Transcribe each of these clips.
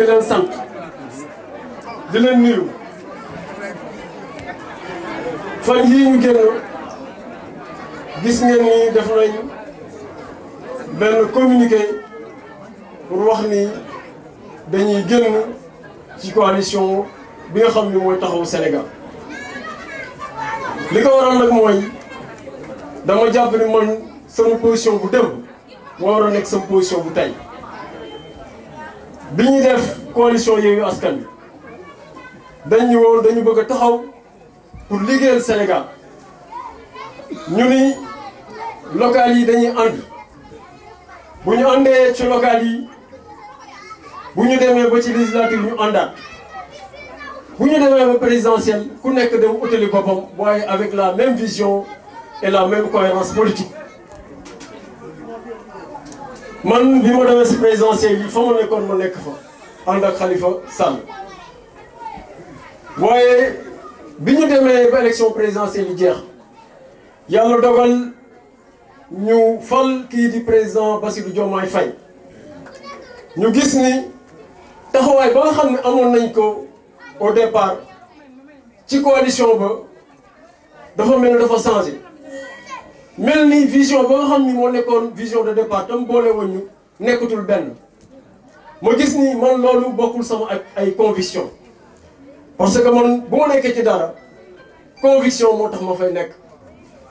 di leen sant di leen nuyu fan yii ñu gis nga ni def nañ benn communiqué pour wax ni dañuy génn ci coalition bi nga xam ni mooy taxawu Sénégal li ko waral nag mooy dama jàpp ni man sama position bu dem moo war nekk sama position bu tey Nous def coalition Yewwi Askan pour ñu woon dañu bëgg pour liggéeyal Sénégal ñu ni local yi dañuy ànd bu ñu àndee ci local yi bu ñu ba ci ñu àndaat bu avec la même vision et la même cohérence politique man suis président. demee si présidentielle bi fa fa Khalifa Sall biñu démé élection présidentielle jeex yalla dogal ñu fal ki di président Bassirou Diomaye fay ñu gis ni taxaway ba nga nañ ko au départ ci coalition ba dafa mel mel ni vision ba nga xam ni moo nekkoon vision de départ tam boole woon nu nekkatul benn ma gis ni man loolu bokkul sama ak ay conviction parce que man bu ma nekkee ci dara conviction moo tax ma fay nekk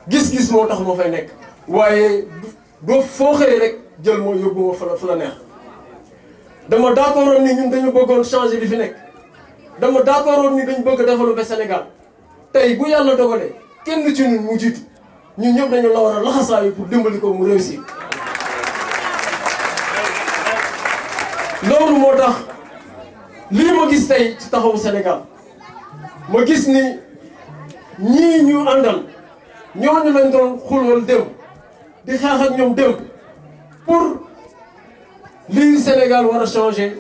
gis-gis moo tax ma fay nekk waaye doo foo xëyee rek jël moo yóbbu ma fa la fa la neex dama d'accord ni ñun dañu bëggoon changer li fi nekk dama d'accord ni dañu bëgg développer Sénégal tey bu yàlla dogalee kenn ci ñun mu jiitu ñu ñëw dañu la war a laxasaayu pour dimbali ko mu réussir loolu moo tax lii moo gis tey ci taxawu Sénégal ma gis ni ñii ñu àndal ñooñu lañ doon xulwal démb di xeex ak ñoom démb pour lii Sénégal war a changer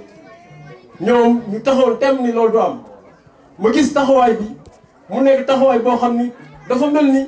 ñoom ñu taxawal tem ni loolu du am ma gis taxawaay bi mu nekk taxawaay boo xam ni dafa mel ni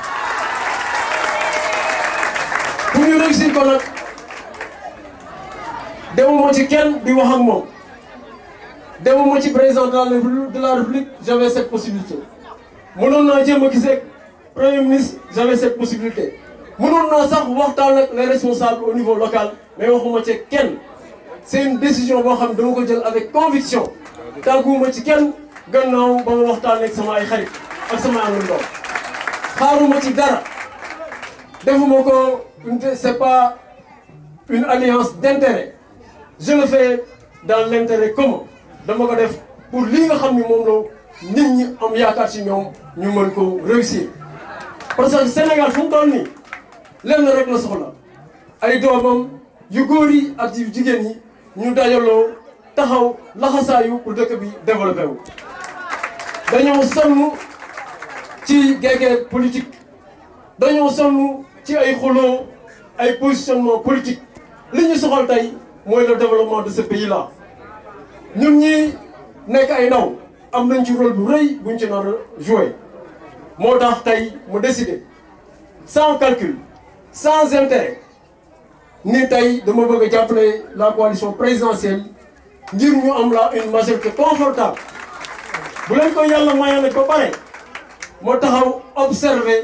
pour ñu réussir ko nag demuma ci kenn di wax ak moom ci président de la république j'avais cette possibilité mënoon na jéem a premier ministre j'avais cette possibilité mënoon na sax waxtan ak les responsables au niveau local mais waxuma ci kenn c'est une décision bo xam dama ko jël avec conviction taguma ci kenn gannaaw ba ma waxtaan ak sama ay xarit ak sama àndandoo xaaruma ci dara defuma ko ce n'est pas une alliance d'intérêt je le fais dans l'intérêt commun dama ko def pour li nga xam ni moom la nit ñi am ci ñom ñu mën ko réussir parce que Sénégal fu mu ni nii lenn rek la soxla ay doomam yu góor yi ak yu jigéen yi ñu dajaloo taxaw laxasaayu pour dëkk bi développé wu dañoo sonn ci gégé politique dañoo sonn ci ay xuloo et positionnement politique nous c'est le développement de ce pays là nous, sommes tous rôle sans calcul sans intérêt ni dama la coalition présidentielle nous avons une majorité confortable bu avons ko que Nous observer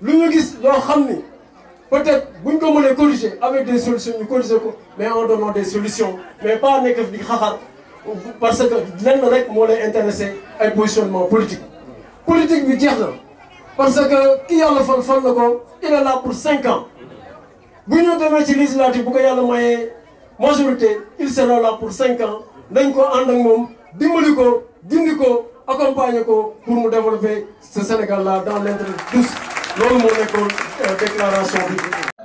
Lui peut-être corriger avec des solutions nous corriger mais en donnant des solutions mais pas parce que intéressé positionnement politique. politique parce que qui a le il est là pour cinq ans Si nous majorité il sera là pour cinq ans nous ko pour développer ce Sénégal là dans l'intérêt tous. loolu moo nekkoon euh, déclaration bi.